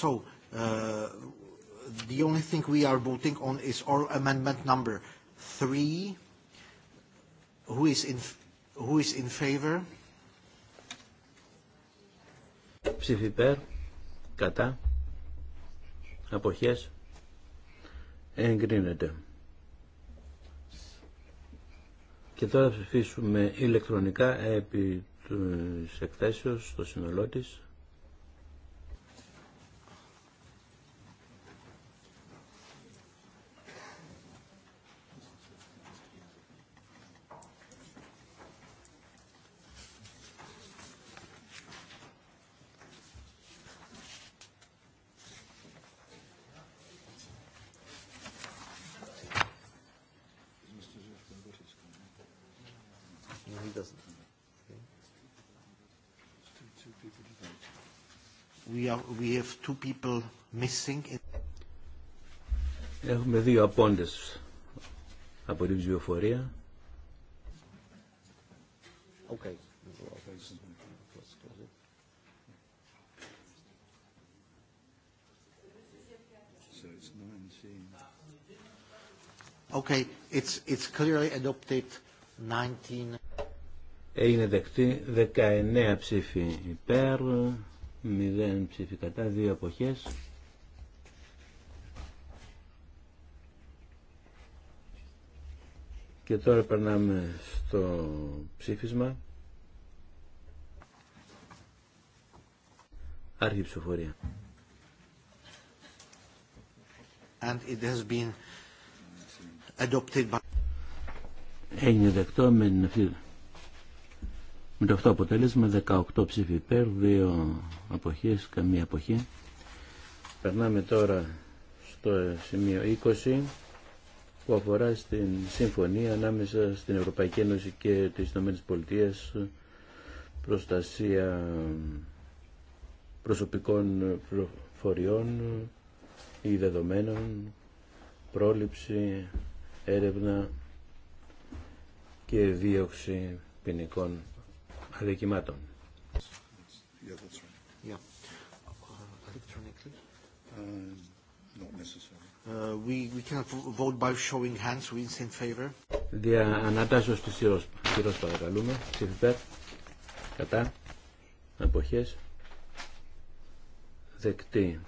So uh, the only thing we are voting on is oral amendment number three. Who is in who is in favor? Ψήφι κατά, αποχές, εγκρίνεται. Και τώρα ψηφίσουμε ηλεκτρονικά επί της εκθέσεως στο σύνολό της. two Έχουμε δύο απόντες από την ψηφοφορία. Okay. Okay, it's, it's Έγινε δεκτή 19 ψήφοι υπέρ, μηδέν ψήφι κατά, δύο Και τώρα περνάμε στο ψήφισμα. Άρχη ψηφοφορία. And it has been adopted by... Έγινε δεκτό με την αυτή με το αυτό αποτέλεσμα 18 ψήφοι υπέρ, 2 αποχές, καμία αποχή. Περνάμε τώρα στο ε, σημείο 20 που αφορά στην συμφωνία ανάμεσα στην Ευρωπαϊκή Ένωση και τις Ηνωμένες Πολιτείες προστασία προσωπικών πληροφοριών ή δεδομένων, πρόληψη, έρευνα και δίωξη ποινικών αδικημάτων. Δια ανατάσσεως της σειρός. παρακαλούμε. Ψηφιπέρ, κατά, Εποχές. δεκτή.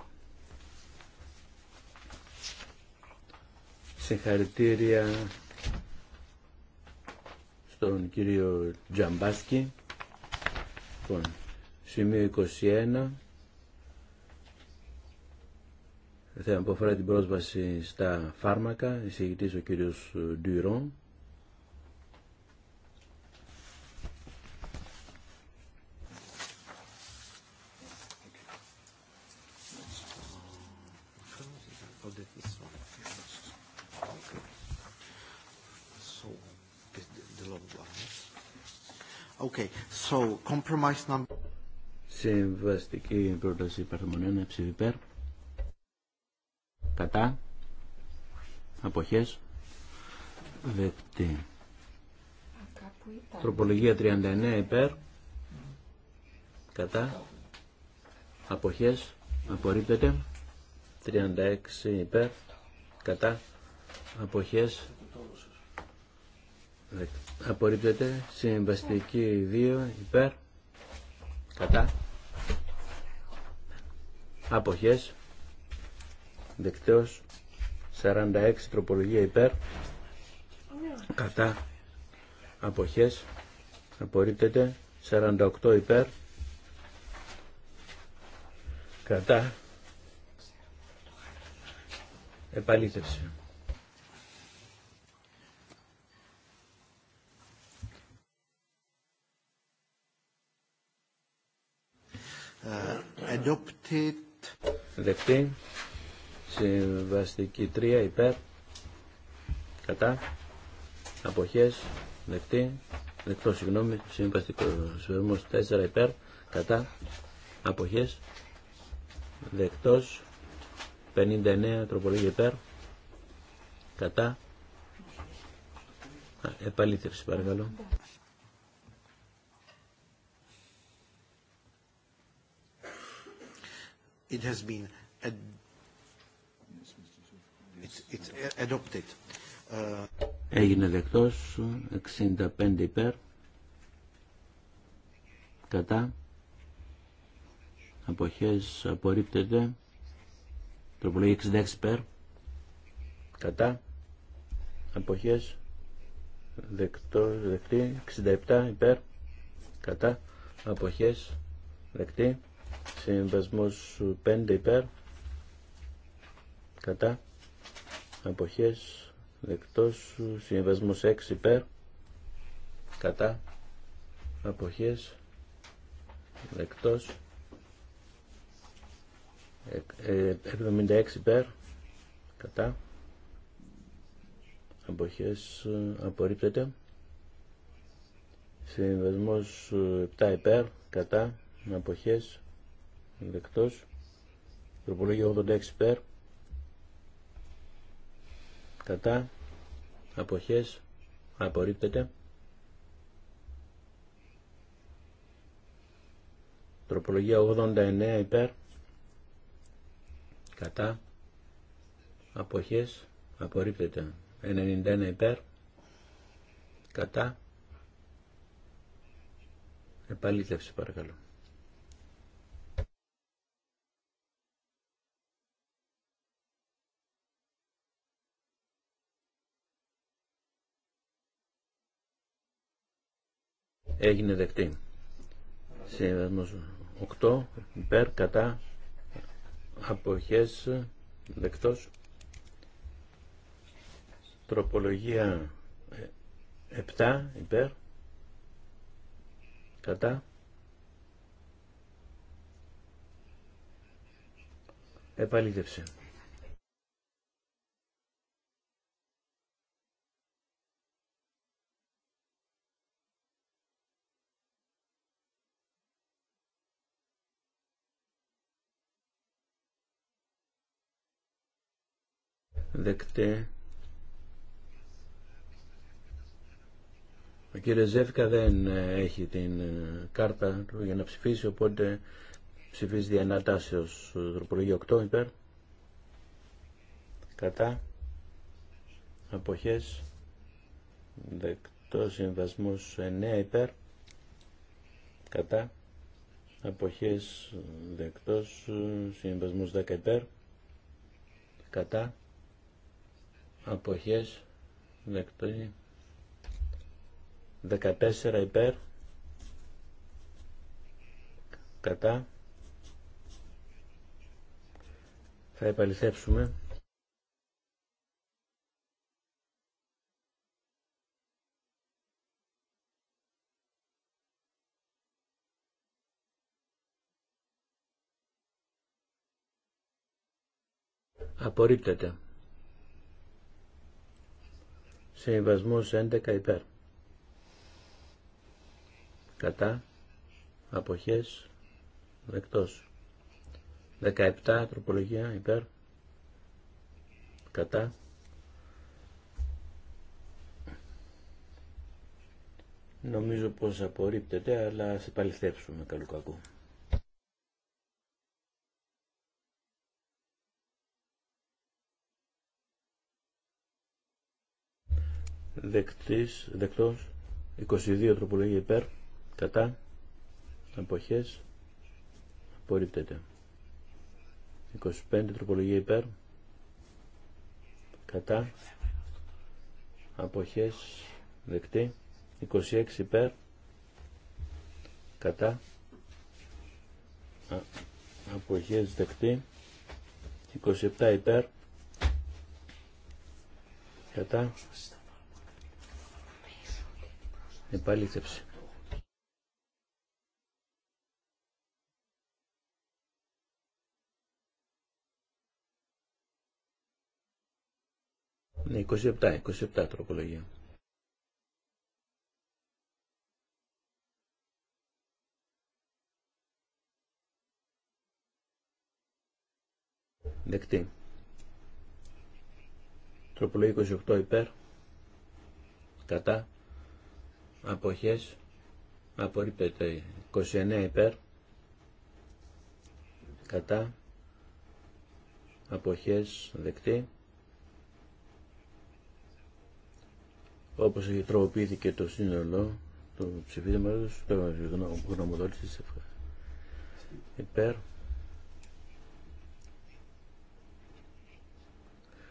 Συγχαρητήρια στον κύριο Τζαμπάσκι. Λοιπόν, σημείο 21. Θέμα που αφορά την πρόσβαση στα φάρμακα, εισηγητή ο κύριος Ντουιρόν. Συμβαστική πρόταση ψηφιπέρ Κατά. Αποχές. Δεκτή. Τροπολογία 39 υπέρ. Κατά. Αποχές. Απορρίπτεται. 36 υπέρ. Κατά. Αποχές. Δεκτή απορρίπτεται συμβαστική 2 υπέρ κατά αποχές δεκτέως 46 τροπολογία υπέρ κατά αποχές απορρίπτεται 48 υπέρ κατά επαλήθευση adopted. Δεκτή. Συμβαστική 3 υπέρ. Κατά. αποχέ, Δεκτή. Δεκτό, συγγνώμη. Συμβαστικό σφαιρμός 4 υπέρ. Κατά. αποχέ, δεκτό, 59 τροπολογία υπέρ. Κατά. Επαλήθευση παρακαλώ. It uh, Έγινε δεκτός 65 υπέρ κατά αποχές απορρίπτεται τροπολογία 66 υπέρ κατά αποχές δεκτό, δεκτή 67 υπέρ κατά αποχές δεκτή Συμβασμός 5 υπέρ. Κατά. Αποχές. Δεκτός. Συμβασμός 6 υπέρ. Κατά. Αποχές. Δεκτός. 76 ε, υπέρ. Κατά. Αποχές. Απορρίπτεται. Συμβασμός 7 υπέρ. Κατά. Αποχές Δεκτός. Τροπολογία 86 υπέρ. Κατά. Αποχές. Απορρίπτεται. Τροπολογία 89 υπέρ. Κατά. Αποχές. Απορρίπτεται. 91 υπέρ. Κατά. Επαλήθευση παρακαλώ. έγινε δεκτή. Συμβασμός 8 υπέρ κατά αποχές δεκτός. Τροπολογία 7 ε, υπέρ κατά επαλήθευση. δεκτέ. Ο κύριος Ζεύκα δεν ε, έχει την ε, κάρτα του για να ψηφίσει, οπότε ψηφίζει ανατάσεως ε, τροπολογία 8 υπέρ. Κατά. Αποχές. Δεκτό συμβασμός 9 υπέρ. Κατά. Αποχές δεκτός, συμβασμός 10 υπέρ, κατά, αποχές δεκτή 14 υπέρ κατά θα επαληθεύσουμε απορρίπτεται Συμβασμό 11 υπέρ. Κατά. αποχέ δεκτό. 17 τροπολογία υπέρ. Κατά. Νομίζω πως απορρίπτεται, αλλά σε παληθεύσουμε καλού κακού. δεκτής, δεκτός 22 τροπολογία υπέρ κατά αποχές απορρίπτεται 25 τροπολογία υπέρ κατά αποχές δεκτή 26 υπέρ κατά αποχές δεκτή 27 υπέρ κατά επαλήθευση. Ναι, 27, 27 τροπολογία. Δεκτή. Τροπολογία 28 υπέρ. Κατά αποχές απορρίπτεται 29 υπέρ κατά αποχές δεκτή όπως και το σύνολο του ψηφίσματος το γνωμοδότησης υπέρ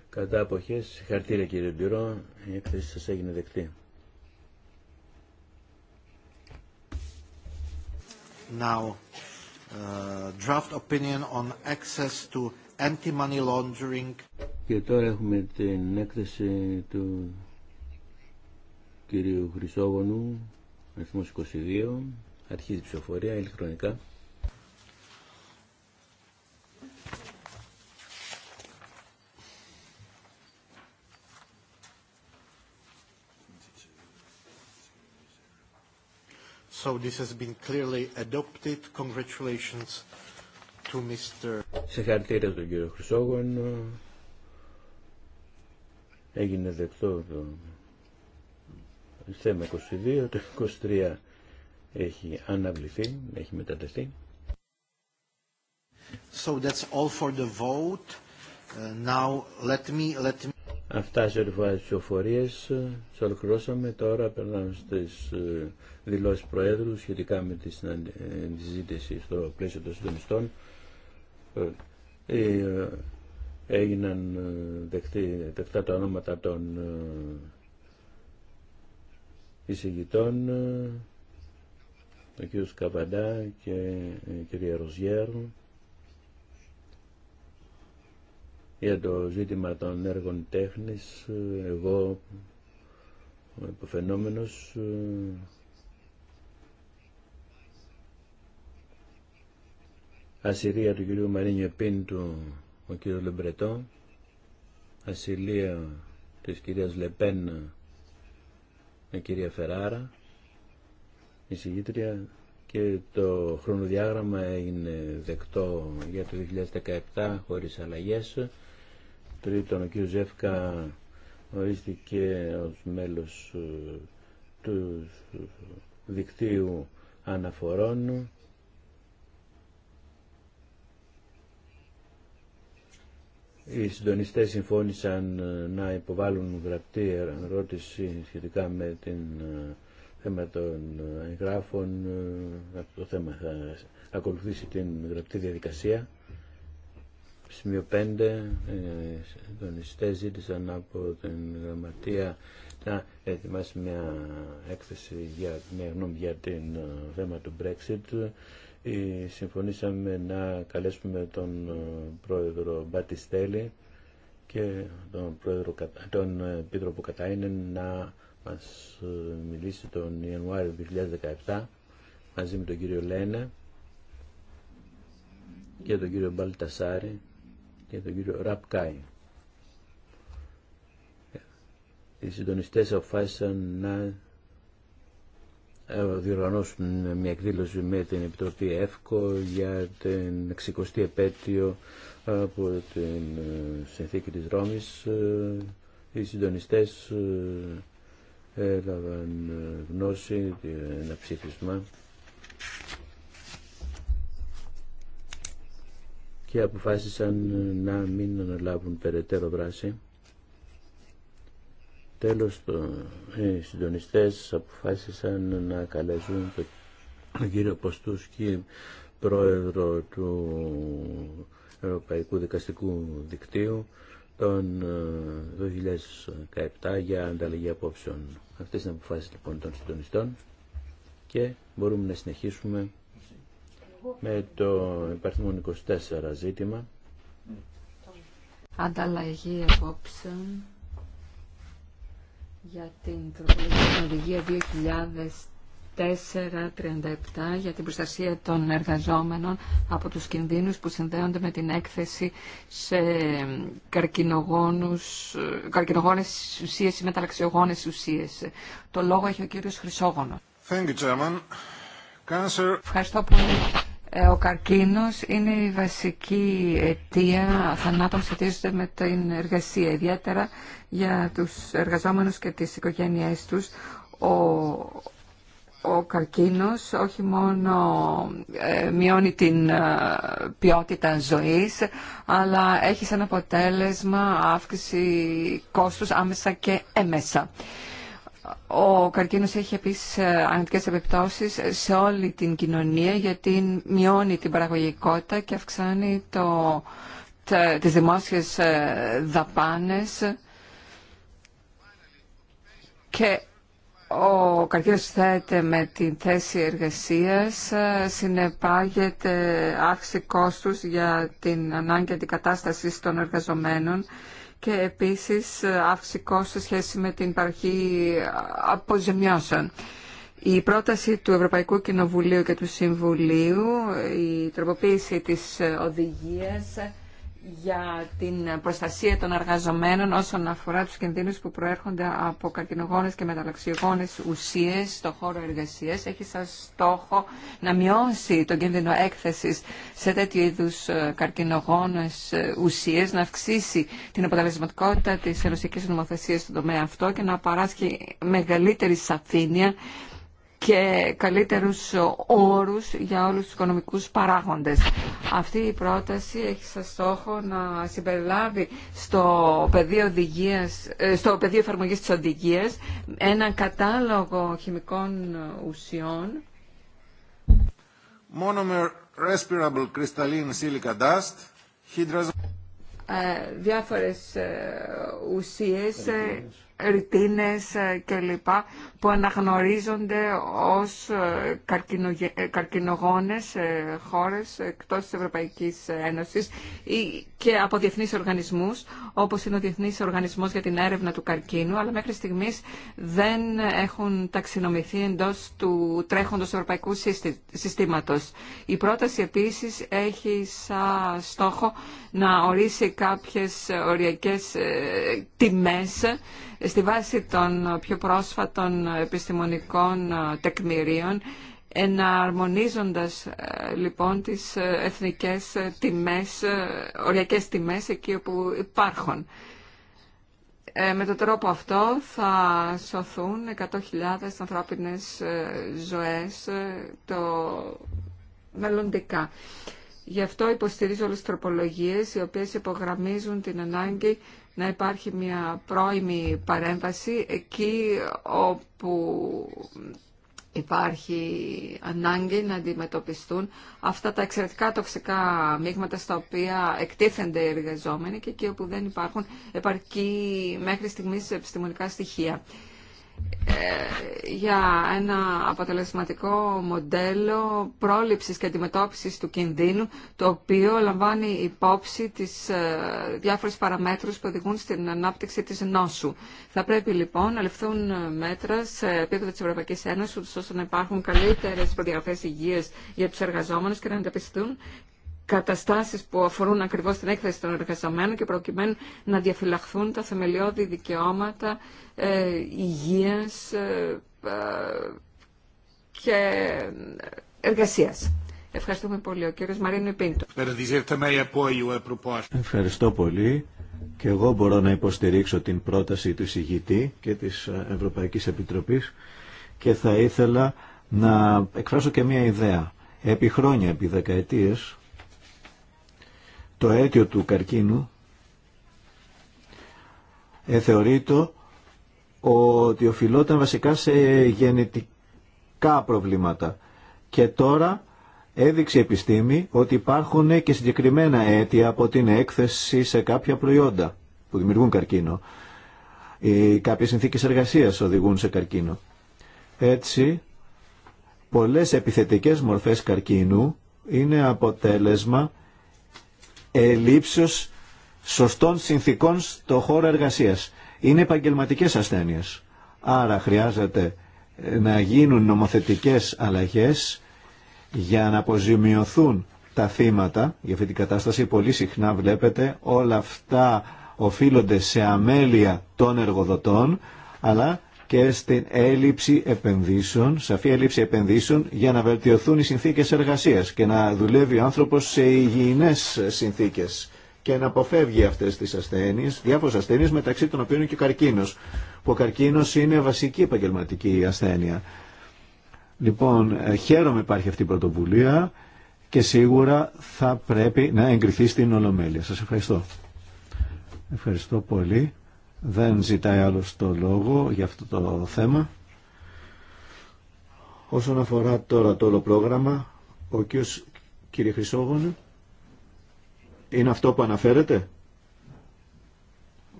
κατά αποχές χαρτίρια κύριε Ντυρό η έκθεση σας έγινε δεκτή Uh, Και τώρα έχουμε την έκθεση του κυρίου Χρυσόγονου, αριθμός 22, αρχίζει η ψηφοφορία ηλεκτρονικά. So this has been clearly adopted. Congratulations to Mr. Συγχαρητήρια τον κύριο Χρυσόγων. Έγινε δεκτό το θέμα 22. Το 23 έχει αναβληθεί, έχει μετατεθεί. So that's all for the vote. Uh, now let me, let me... Αυτά σε ό,τι φορά τις ολοκληρώσαμε. Τώρα περνάμε στις ε, δηλώσεις Προέδρου σχετικά με ε, τη συζήτηση στο πλαίσιο των συντονιστών. Ε, έγιναν δεκτή, δεκτά τα ονόματα των εισηγητών, ο κ. Καβαντά και η κυρία Για το ζήτημα των έργων τέχνης, εγώ ο υποφαινόμενος ε, Ασυρία του κυρίου Μαρίνιο Πίντου, ο κύριος Λεμπρετό, ασυλία της κυρίας Λεπέν, με κυρία Φεράρα, η συγγήτρια και το χρονοδιάγραμμα είναι δεκτό για το 2017 χωρίς αλλαγές. Τρίτον, ο κ. Ζεύκα ορίστηκε ως μέλος ε, του δικτύου αναφορών Οι συντονιστές συμφώνησαν ε, να υποβάλουν γραπτή ερώτηση σχετικά με την ε, θέμα των εγγράφων. Αυτό το θέμα θα ακολουθήσει την γραπτή διαδικασία. Σημείο 5. Ε, τον Ιστέ ζήτησαν από την Γραμματεία να ετοιμάσει μια έκθεση για μια γνώμη για την ε, θέμα του Brexit. Ε, συμφωνήσαμε να καλέσουμε τον πρόεδρο Μπατιστέλη και τον, πρόεδρο, τον που να μας μιλήσει τον Ιανουάριο 2017 μαζί με τον κύριο Λένε και τον κύριο Μπαλτασάρη και τον κύριο Ραπκάι. Οι συντονιστές αποφάσισαν να ε, διοργανώσουν μια εκδήλωση με την Επιτροπή ΕΦΚΟ για την 60η επέτειο ε, από την ε, συνθήκη της Ρώμης. Οι συντονιστές έλαβαν γνώση ένα ψήφισμα και αποφάσισαν να μην αναλάβουν περαιτέρω δράση. Τέλος, οι συντονιστές αποφάσισαν να καλέσουν τον κύριο και πρόεδρο του Ευρωπαϊκού Δικαστικού Δικτύου, τον 2017 ε, για ανταλλαγή απόψεων. Αυτές είναι αποφάσεις λοιπόν των συντονιστών και μπορούμε να συνεχίσουμε με το υπαριθμόν 24 ζήτημα. Ανταλλαγή απόψεων για την τροπολογική οδηγία 2004-37 για την προστασία των εργαζόμενων από τους κινδύνους που συνδέονται με την έκθεση σε καρκινογόνες ουσίες ή μεταλλαξιογόνες ουσίες. Το λόγο έχει ο κύριος Χρυσόγωνος. Ευχαριστώ πολύ. Ε, ο καρκίνος είναι η βασική αιτία θανάτων που σχετίζονται με την εργασία, ιδιαίτερα για τους εργαζόμενους και τις οικογένειές τους. Ο, ο καρκίνος όχι μόνο ε, μειώνει την ε, ποιότητα ζωής, αλλά έχει σαν αποτέλεσμα αύξηση κόστους άμεσα και έμεσα ο καρκίνος έχει επίσης ε, αρνητικές επιπτώσεις σε όλη την κοινωνία γιατί μειώνει την παραγωγικότητα και αυξάνει το, τις δημόσιες ε, δαπάνες και ο καρδιός θέεται με την θέση εργασίας, ε, συνεπάγεται αύξηση κόστους για την ανάγκη αντικατάσταση των εργαζομένων και επίσης ε, αύξηση κόστους σχέση με την παροχή αποζημιώσεων. Η πρόταση του Ευρωπαϊκού Κοινοβουλίου και του Συμβουλίου, η τροποποίηση της ε, οδηγίας για την προστασία των εργαζομένων όσον αφορά τους κινδύνους που προέρχονται από καρκινογόνες και μεταλλαξιογόνες ουσίες στο χώρο εργασίας έχει σαν στόχο να μειώσει τον κίνδυνο έκθεσης σε τέτοιου είδους ε, καρκινογόνες ε, ουσίες, να αυξήσει την αποτελεσματικότητα της ελωσιακής νομοθεσίας στον τομέα αυτό και να παράσχει μεγαλύτερη σαφήνεια και καλύτερους όρους για όλους τους οικονομικούς παράγοντες. Αυτή η πρόταση έχει σαν στόχο να συμπεριλάβει στο πεδίο, οδηγίας, ε, στο πεδίο εφαρμογής της οδηγίας έναν κατάλογο χημικών ουσιών Monomer respirable crystalline silica dust, hydrazine. Ε, διάφορες ε, ουσίες ρητίνες ε, κλπ. που αναγνωρίζονται ως ε, ε, καρκινογόνες χώρες εκτός της Ευρωπαϊκής Ένωσης και από διεθνείς οργανισμούς όπως είναι ο Διεθνής Οργανισμός για την Έρευνα του Καρκίνου αλλά μέχρι στιγμής δεν έχουν ταξινομηθεί εντός του τρέχοντος ευρωπαϊκού συστήματος. Η πρόταση επίσης έχει σαν στόχο να ορίσει κάποιες οριακές τιμές στη βάση των πιο πρόσφατων επιστημονικών ε, τεκμηρίων, εναρμονίζοντας ε, λοιπόν τις ε, εθνικές τιμές, οριακές τιμές εκεί όπου υπάρχουν. με τον τρόπο αυτό θα σωθούν 100.000 ανθρώπινες ζωές το μελλοντικά. Γι' αυτό υποστηρίζω όλες τις τροπολογίες οι οποίες υπογραμμίζουν την ανάγκη να υπάρχει μια πρώιμη παρέμβαση εκεί όπου υπάρχει ανάγκη να αντιμετωπιστούν αυτά τα εξαιρετικά τοξικά μείγματα στα οποία εκτίθενται οι εργαζόμενοι και εκεί όπου δεν υπάρχουν επαρκή μέχρι στιγμής επιστημονικά στοιχεία. Ε, για ένα αποτελεσματικό μοντέλο πρόληψης και αντιμετώπισης του κινδύνου, το οποίο λαμβάνει υπόψη τις ε, διάφορες παραμέτρους που οδηγούν στην ανάπτυξη της νόσου. Θα πρέπει λοιπόν να ληφθούν μέτρα σε επίπεδο της Ευρωπαϊκής Ένωσης, ώστε να υπάρχουν καλύτερες προδιαγραφές υγείας για τους εργαζόμενους και να ανταπιστούν Καταστάσει που αφορούν ακριβώ την έκθεση των εργαζομένων και προκειμένου να διαφυλαχθούν τα θεμελιώδη δικαιώματα ε, υγείας ε, ε, και εργασία. Ευχαριστούμε πολύ. Ο κύριος Μαρίνο Πίντο. Ευχαριστώ πολύ. Και εγώ μπορώ να υποστηρίξω την πρόταση του ΣΥγητή και της Ευρωπαϊκής Επιτροπής και θα ήθελα να εκφράσω και μία ιδέα. Επί χρόνια, επί δεκαετίες, το αίτιο του καρκίνου ε, θεωρείται ότι οφειλόταν βασικά σε γενετικά προβλήματα. Και τώρα έδειξε η επιστήμη ότι υπάρχουν και συγκεκριμένα αίτια από την έκθεση σε κάποια προϊόντα που δημιουργούν καρκίνο. ή κάποιες συνθήκες εργασίας οδηγούν σε καρκίνο. Έτσι, πολλές επιθετικές μορφές καρκίνου είναι αποτέλεσμα Ελήψεως σωστών συνθήκων στο χώρο εργασίας. Είναι επαγγελματικέ ασθένειες. Άρα χρειάζεται ε, να γίνουν νομοθετικές αλλαγές για να αποζημιωθούν τα θύματα για αυτή την κατάσταση. Πολύ συχνά βλέπετε όλα αυτά οφείλονται σε αμέλεια των εργοδοτών αλλά και στην έλλειψη επενδύσεων, σαφή έλλειψη επενδύσεων για να βελτιωθούν οι συνθήκες εργασίας και να δουλεύει ο άνθρωπος σε υγιεινές συνθήκες και να αποφεύγει αυτές τις ασθένειες, διάφορες ασθένειες μεταξύ των οποίων και ο καρκίνος, που ο καρκίνος είναι βασική επαγγελματική ασθένεια. Λοιπόν, ε, χαίρομαι υπάρχει αυτή η πρωτοβουλία και σίγουρα θα πρέπει να εγκριθεί στην Ολομέλεια. Σας ευχαριστώ. Ευχαριστώ πολύ. Δεν ζητάει άλλο το λόγο για αυτό το θέμα. Όσον αφορά τώρα το όλο πρόγραμμα, ο κ. κύριε Χρυσόγωνε, είναι αυτό που αναφέρεται.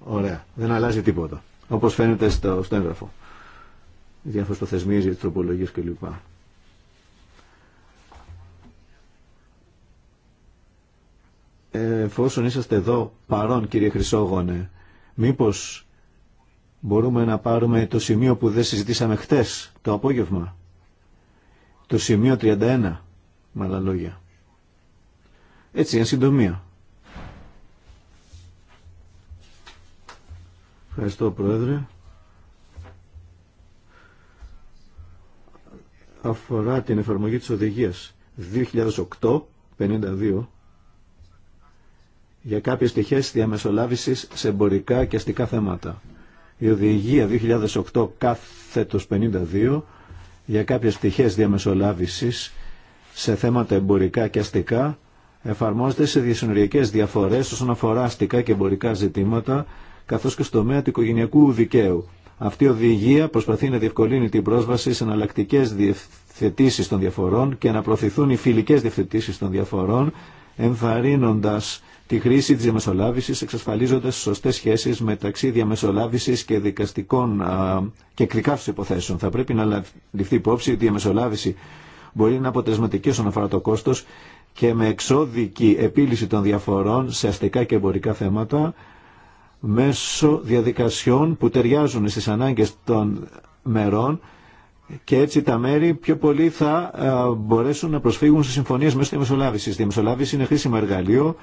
Ωραία. Δεν αλλάζει τίποτα. Όπως φαίνεται στο, στο έγγραφο. το το για τροπολογίες κλπ. Εφόσον είσαστε εδώ παρόν κύριε Χρυσόγωνε, Μήπως μπορούμε να πάρουμε το σημείο που δεν συζητήσαμε χτες, το απόγευμα. Το σημείο 31, με άλλα λόγια. Έτσι, εν συντομία. Ευχαριστώ, Πρόεδρε. Αφορά την εφαρμογή της οδηγίας 2008-52 για κάποιες πτυχές διαμεσολάβησης σε εμπορικά και αστικά θέματα. Η Οδηγία 2008 κάθετος 52 για κάποιες πτυχέ διαμεσολάβησης σε θέματα εμπορικά και αστικά εφαρμόζεται σε διασυνοριακές διαφορές όσον αφορά αστικά και εμπορικά ζητήματα καθώς και στο τομέα του οικογενειακού δικαίου. Αυτή η οδηγία προσπαθεί να διευκολύνει την πρόσβαση σε εναλλακτικέ διευθετήσεις των διαφορών και να προωθηθούν οι φιλικέ διευθετήσει των διαφορών τη χρήση της διαμεσολάβησης εξασφαλίζοντας σωστές σχέσεις μεταξύ διαμεσολάβησης και δικαστικών α, και εκδικάσεως υποθέσεων. Θα πρέπει να ληφθεί υπόψη ότι η διαμεσολάβηση μπορεί να είναι αποτελεσματική όσον αφορά το κόστος και με εξώδικη επίλυση των διαφορών σε αστικά και εμπορικά θέματα μέσω διαδικασιών που ταιριάζουν στις ανάγκες των μερών και έτσι τα μέρη πιο πολύ θα μπορέσουν να προσφύγουν σε συμφωνίες μέσω διαμεσολάβησης. Η διαμεσολάβηση είναι χρήσιμο εργαλείο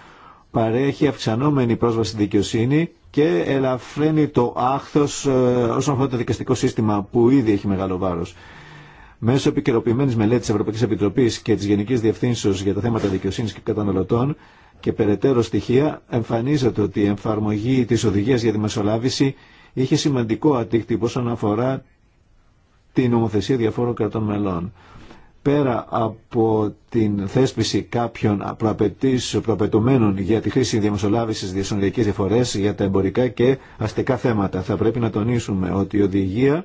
παρέχει αυξανόμενη πρόσβαση στη δικαιοσύνη και ελαφραίνει το άχθος ε, όσον αφορά το δικαστικό σύστημα που ήδη έχει μεγάλο βάρος. Μέσω επικαιροποιημένη μελέτη τη Ευρωπαϊκή Επιτροπή και τη Γενική Διευθύνσεω για τα θέματα δικαιοσύνη και καταναλωτών και περαιτέρω στοιχεία, εμφανίζεται ότι η εφαρμογή τη οδηγία για τη μεσολάβηση είχε σημαντικό αντίκτυπο όσον αφορά την νομοθεσία διαφόρων κρατών μελών πέρα από την θέσπιση κάποιων προαπαιτούμενων για τη χρήση διαμεσολάβησης διασυνοριακές διαφορές για τα εμπορικά και αστικά θέματα. Θα πρέπει να τονίσουμε ότι η οδηγία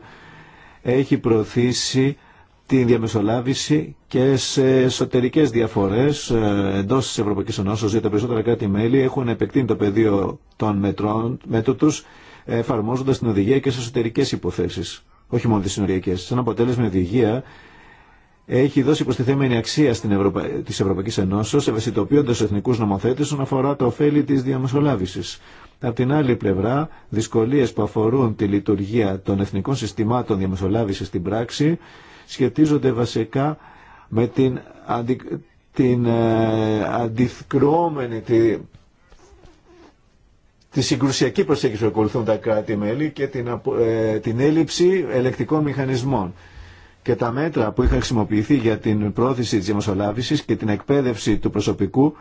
έχει προωθήσει τη διαμεσολάβηση και σε εσωτερικές διαφορές ε, εντός της Ευρωπαϊκής Ενώσεως για τα περισσότερα κράτη-μέλη έχουν επεκτείνει το πεδίο των μετρών, μέτρων τους εφαρμόζοντας την οδηγία και σε εσωτερικές υποθέσεις, όχι μόνο τις συνοριακές. Σαν αποτέλεσμα η οδηγία έχει δώσει προστιθέμενη αξία στην Ευρωπα... της Ευρωπαϊκής Ενώσεως, ευαισθητοποιώντας τους εθνικούς νομοθέτες όσον αφορά τα ωφέλη της διαμεσολάβησης. Απ' την άλλη πλευρά, δυσκολίες που αφορούν τη λειτουργία των εθνικών συστημάτων διαμεσολάβησης στην πράξη σχετίζονται βασικά με την, αντι... την ε, τη... τη συγκρουσιακή προσέγγιση που ακολουθούν τα κράτη-μέλη και την, ε, την έλλειψη ελεκτικών μηχανισμών και τα μέτρα που είχαν χρησιμοποιηθεί για την πρόθεση της διαμεσολάβησης και την εκπαίδευση του προσωπικού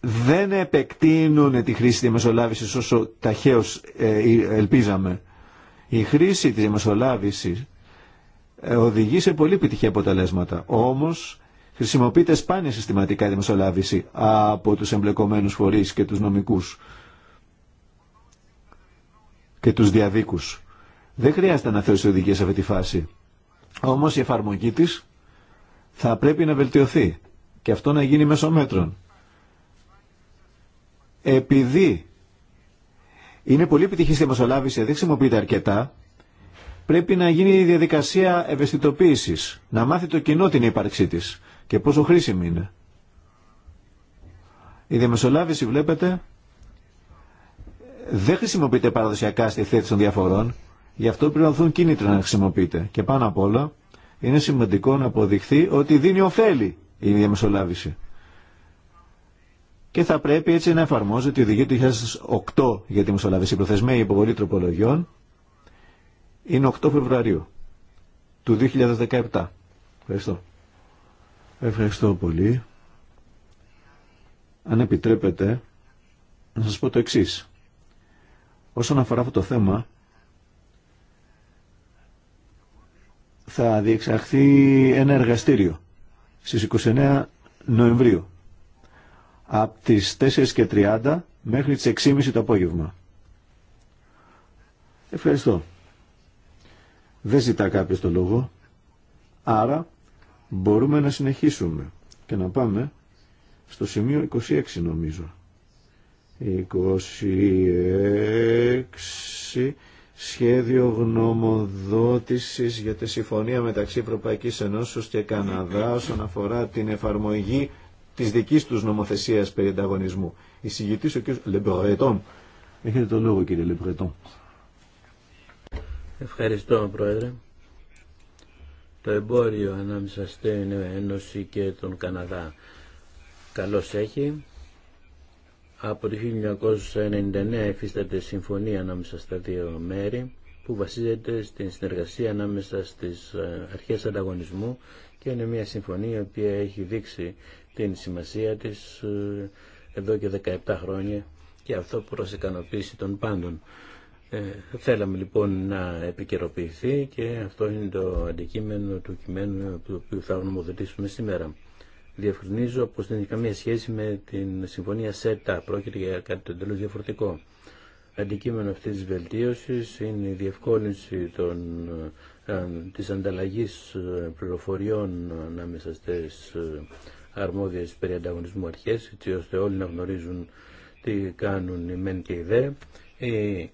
δεν επεκτείνουν τη χρήση της διαμεσολάβησης όσο ταχαίως ε, ε, ελπίζαμε. Η χρήση της διαμεσολάβησης ε, οδηγεί σε πολύ επιτυχία αποτελέσματα. Όμως χρησιμοποιείται σπάνια συστηματικά η διαμεσολάβηση από τους εμπλεκομένους φορείς και τους νομικούς και τους διαδίκους. Δεν χρειάζεται να θέσει οδηγίε σε αυτή τη φάση. Όμω η εφαρμογή της θα πρέπει να βελτιωθεί και αυτό να γίνει μέσω μέτρων. Επειδή είναι πολύ επιτυχή η διαμεσολάβηση, δεν χρησιμοποιείται αρκετά, πρέπει να γίνει η διαδικασία ευαισθητοποίησης, να μάθει το κοινό την ύπαρξή τη και πόσο χρήσιμη είναι. Η διαμεσολάβηση, βλέπετε, δεν χρησιμοποιείται παραδοσιακά στη θέση των διαφορών, Γι' αυτό πρέπει να δοθούν κίνητρα να χρησιμοποιείται. Και πάνω απ' όλα είναι σημαντικό να αποδειχθεί ότι δίνει ωφέλη η διαμεσολάβηση. Και θα πρέπει έτσι να εφαρμόζεται η οδηγία του 2008 για τη μεσολάβηση. Η προθεσμία υποβολή τροπολογιών είναι 8 Φεβρουαρίου του 2017. Ευχαριστώ. Ευχαριστώ πολύ. Αν επιτρέπετε, να σας πω το εξής. Όσον αφορά αυτό το θέμα, θα διεξαχθεί ένα εργαστήριο στις 29 Νοεμβρίου από τις 4.30 μέχρι τις 6.30 το απόγευμα. Ευχαριστώ. Δεν ζητά κάποιος το λόγο, άρα μπορούμε να συνεχίσουμε και να πάμε στο σημείο 26 νομίζω. 26 σχέδιο γνωμοδότησης για τη συμφωνία μεταξύ Ευρωπαϊκής Ενώσεως και Καναδά όσον αφορά την εφαρμογή της δικής τους νομοθεσίας περί ανταγωνισμού. Η συγγητής ο κ. Λεμπρετών. Έχετε το λόγο κύριε Λεμπρετών. Ευχαριστώ Πρόεδρε. Το εμπόριο ανάμεσα στην Ένωση και τον Καναδά καλώς έχει από το 1999 εφίσταται συμφωνία ανάμεσα στα δύο μέρη που βασίζεται στην συνεργασία ανάμεσα στις ε, αρχές ανταγωνισμού και είναι μια συμφωνία η οποία έχει δείξει την σημασία της ε, εδώ και 17 χρόνια και αυτό προς ικανοποίηση των πάντων. Ε, θέλαμε λοιπόν να επικαιροποιηθεί και αυτό είναι το αντικείμενο του κειμένου του θα γνωμοδοτήσουμε σήμερα διευκρινίζω πως δεν έχει καμία σχέση με την συμφωνία ΣΕΤΑ. Πρόκειται για κάτι τελείως διαφορετικό. Αντικείμενο αυτής τη βελτίωσης είναι η διευκόλυνση τη ανταλλαγή ε, της ανταλλαγής ε, πληροφοριών ανάμεσα στις ε, αρμόδιες περί ανταγωνισμού αρχές, έτσι ώστε όλοι να γνωρίζουν τι κάνουν οι μεν και οι δε. Η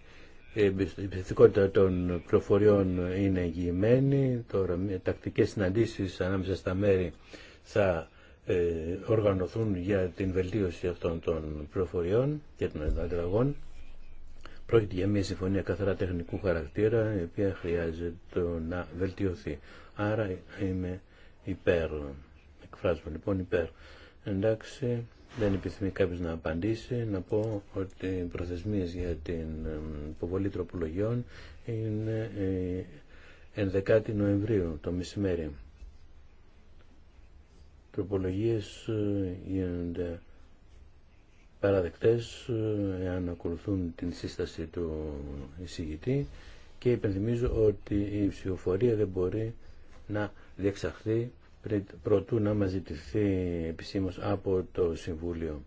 εμπιστευτικότητα των πληροφοριών είναι εγγυημένη. Τώρα, τακτικέ συναντήσει ανάμεσα στα μέρη θα ε, οργανωθούν για την βελτίωση αυτών των πληροφοριών και των ανταλλαγών. Πρόκειται για μια συμφωνία καθαρά τεχνικού χαρακτήρα, η οποία χρειάζεται να βελτιωθεί. Άρα είμαι υπέρ. Εκφράζομαι λοιπόν υπέρ. Εντάξει, δεν επιθυμεί κάποιο να απαντήσει. Να πω ότι οι προθεσμίε για την ε, υποβολή τροπολογιών είναι 11 ε, Νοεμβρίου το μεσημέρι τροπολογίες ε, γίνονται παραδεκτές ε, εάν ακολουθούν την σύσταση του εισηγητή και υπενθυμίζω ότι η ψηφοφορία δεν μπορεί να διεξαχθεί προτού να μας ζητηθεί επισήμως από το Συμβούλιο.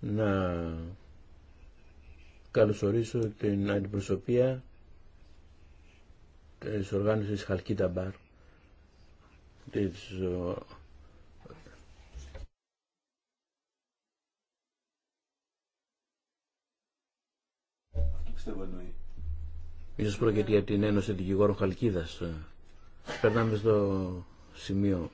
να καλωσορίσω την αντιπροσωπεία της οργάνωσης Χαλκίτα Μπαρ της Ίσως πρόκειται για την Ένωση Δικηγόρων Χαλκίδας. Περνάμε στο σημείο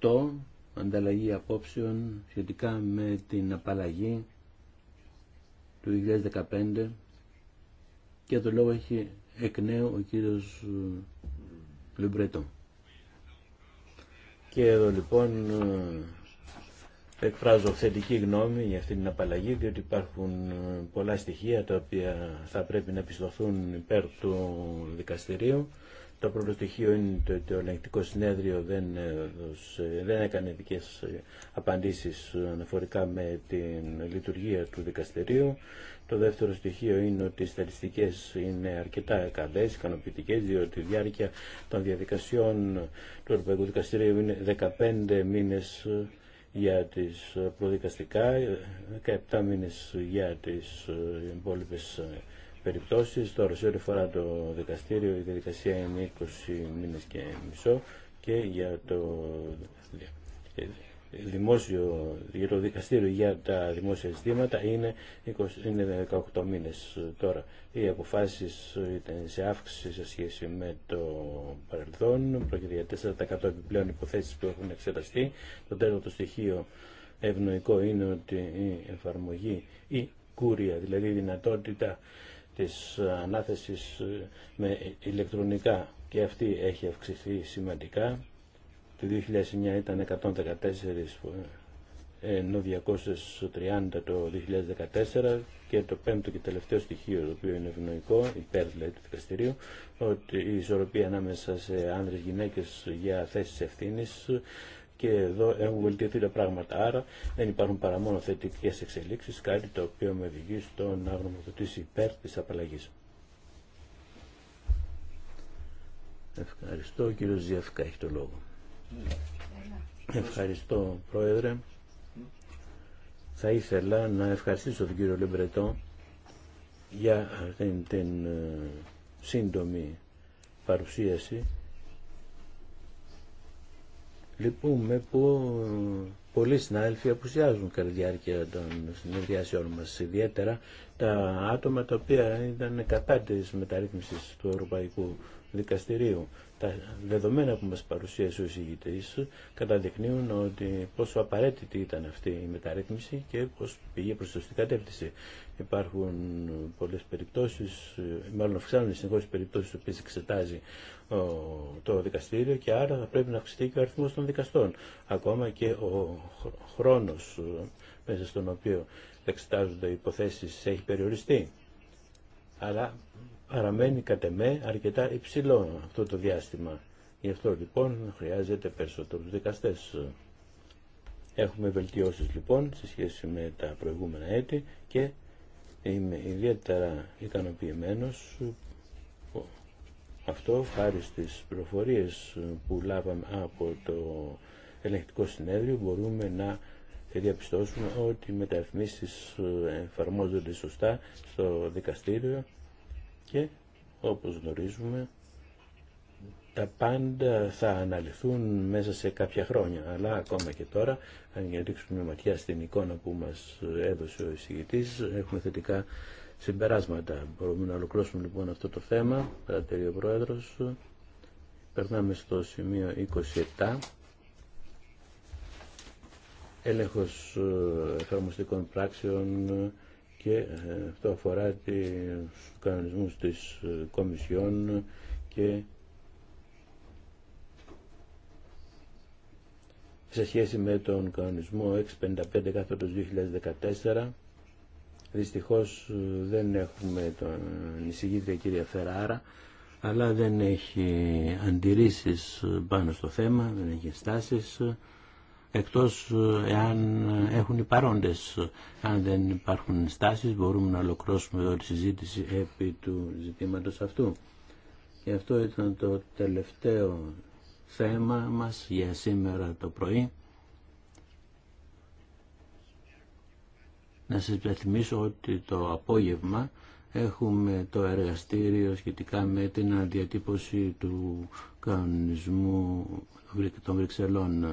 8 ανταλλαγή απόψεων σχετικά με την απαλλαγή του 2015 και το λόγο έχει εκ νέου ο κύριος ε, Λεμπρετό. Και εδώ λοιπόν ε, εκφράζω θετική γνώμη για αυτή την απαλλαγή διότι υπάρχουν ε, πολλά στοιχεία τα οποία θα πρέπει να πιστωθούν υπέρ του δικαστηρίου το πρώτο στοιχείο είναι ότι το ελεγκτικό συνέδριο δεν, ε, δεν έκανε δικές ε, απαντήσεις αναφορικά με την λειτουργία του δικαστηρίου. Το δεύτερο στοιχείο είναι ότι οι στατιστικές είναι αρκετά καλές, ικανοποιητικές, διότι η διάρκεια των διαδικασιών του Ευρωπαϊκού Δικαστηρίου είναι 15 μήνες για τις προδικαστικά, 17 μήνες για τις ε, υπόλοιπες περιπτώσεις. Τώρα σε ό,τι φορά το δικαστήριο η διαδικασία είναι 20 μήνες και μισό και για το δημόσιο, για δικαστήριο για τα δημόσια ζητήματα είναι, 20, είναι 18 μήνες τώρα. Οι αποφάσεις ήταν σε αύξηση σε σχέση με το παρελθόν, πρόκειται για 4% επιπλέον υποθέσεις που έχουν εξεταστεί. Το τέταρτο στοιχείο ευνοϊκό είναι ότι η εφαρμογή, η κούρια, δηλαδή η δυνατότητα της ανάθεσης ε, με ηλεκτρονικά και αυτή έχει αυξηθεί σημαντικά. Το 2009 ήταν 114 ε, ενώ 230 το 2014 και το πέμπτο και τελευταίο στοιχείο το οποίο είναι ευνοϊκό, υπέρ δηλαδή του δικαστηρίου, ότι η ισορροπία ανάμεσα σε άνδρες γυναίκες για θέσεις ευθύνης και εδώ έχουν βελτιωθεί τα πράγματα. Άρα δεν υπάρχουν παρά μόνο θετικέ εξελίξει, κάτι το οποίο με οδηγεί στο να γνωμοδοτήσει υπέρ τη απαλλαγή. Ευχαριστώ. κύριο κύριο Ζιεφκά έχει το λόγο. Ευχαριστώ, Πρόεδρε. Θα ήθελα να ευχαριστήσω τον κύριο Λεμπρετό για την, την ε, σύντομη παρουσίαση Λυπούμε που πολλοί συνάδελφοι απουσιάζουν κατά τη διάρκεια των συνεδριάσεων μας, ιδιαίτερα τα άτομα τα οποία ήταν κατά τη μεταρρύθμισης του Ευρωπαϊκού Δικαστηρίου. Τα δεδομένα που μας παρουσίασε ο εισηγητής καταδεικνύουν ότι πόσο απαραίτητη ήταν αυτή η μεταρρύθμιση και πώς πήγε προς σωστή κατεύθυνση. Υπάρχουν πολλές περιπτώσεις, μάλλον αυξάνονται συνεχώς οι περιπτώσεις που εξετάζει το δικαστήριο και άρα θα πρέπει να αυξηθεί και ο αριθμός των δικαστών. Ακόμα και ο χρόνος ε, μέσα στον οποίο εξετάζονται οι υποθέσεις έχει περιοριστεί. Αλλά παραμένει κατ' εμέ αρκετά υψηλό αυτό το διάστημα. Γι' αυτό λοιπόν χρειάζεται περισσότερους δικαστές. Έχουμε βελτιώσεις λοιπόν σε σχέση με τα προηγούμενα έτη και είμαι ιδιαίτερα ικανοποιημένος ε, αυτό χάρη στις προφορίες ε, που λάβαμε από το ελεγκτικό συνέδριο μπορούμε να διαπιστώσουμε ότι οι μεταρρυθμίσεις ε, εφαρμόζονται σωστά στο δικαστήριο και όπως γνωρίζουμε τα πάντα θα αναλυθούν μέσα σε κάποια χρόνια. Αλλά ακόμα και τώρα, αν ρίξουμε μια ματιά στην εικόνα που μας έδωσε ο εισηγητής, έχουμε θετικά συμπεράσματα. Μπορούμε να ολοκλώσουμε λοιπόν αυτό το θέμα, παρατηρεί ο Πρόεδρος. Περνάμε στο σημείο 27. Έλεγχος ε, εφαρμοστικών πράξεων και ε, αυτό αφορά τους κανονισμούς της ε, Κομισιόν και σε σχέση με τον κανονισμό 655 2014 Δυστυχώς ε, δεν έχουμε τον εισηγήτρια κυρία Φεράρα, αλλά δεν έχει αντιρρήσεις ε, πάνω στο θέμα, δεν έχει στάσεις, ε, εκτός εάν έχουν οι παρόντες. Αν δεν υπάρχουν στάσεις μπορούμε να ολοκληρώσουμε τη συζήτηση επί του ζητήματος αυτού. Και αυτό ήταν το τελευταίο θέμα μας για σήμερα το πρωί. Να σας υπενθυμίσω ότι το απόγευμα έχουμε το εργαστήριο σχετικά με την αναδιατύπωση του κανονισμού των Βρυξελών.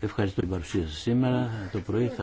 Ευχαριστώ την παρουσία σας σήμερα. Το πρωί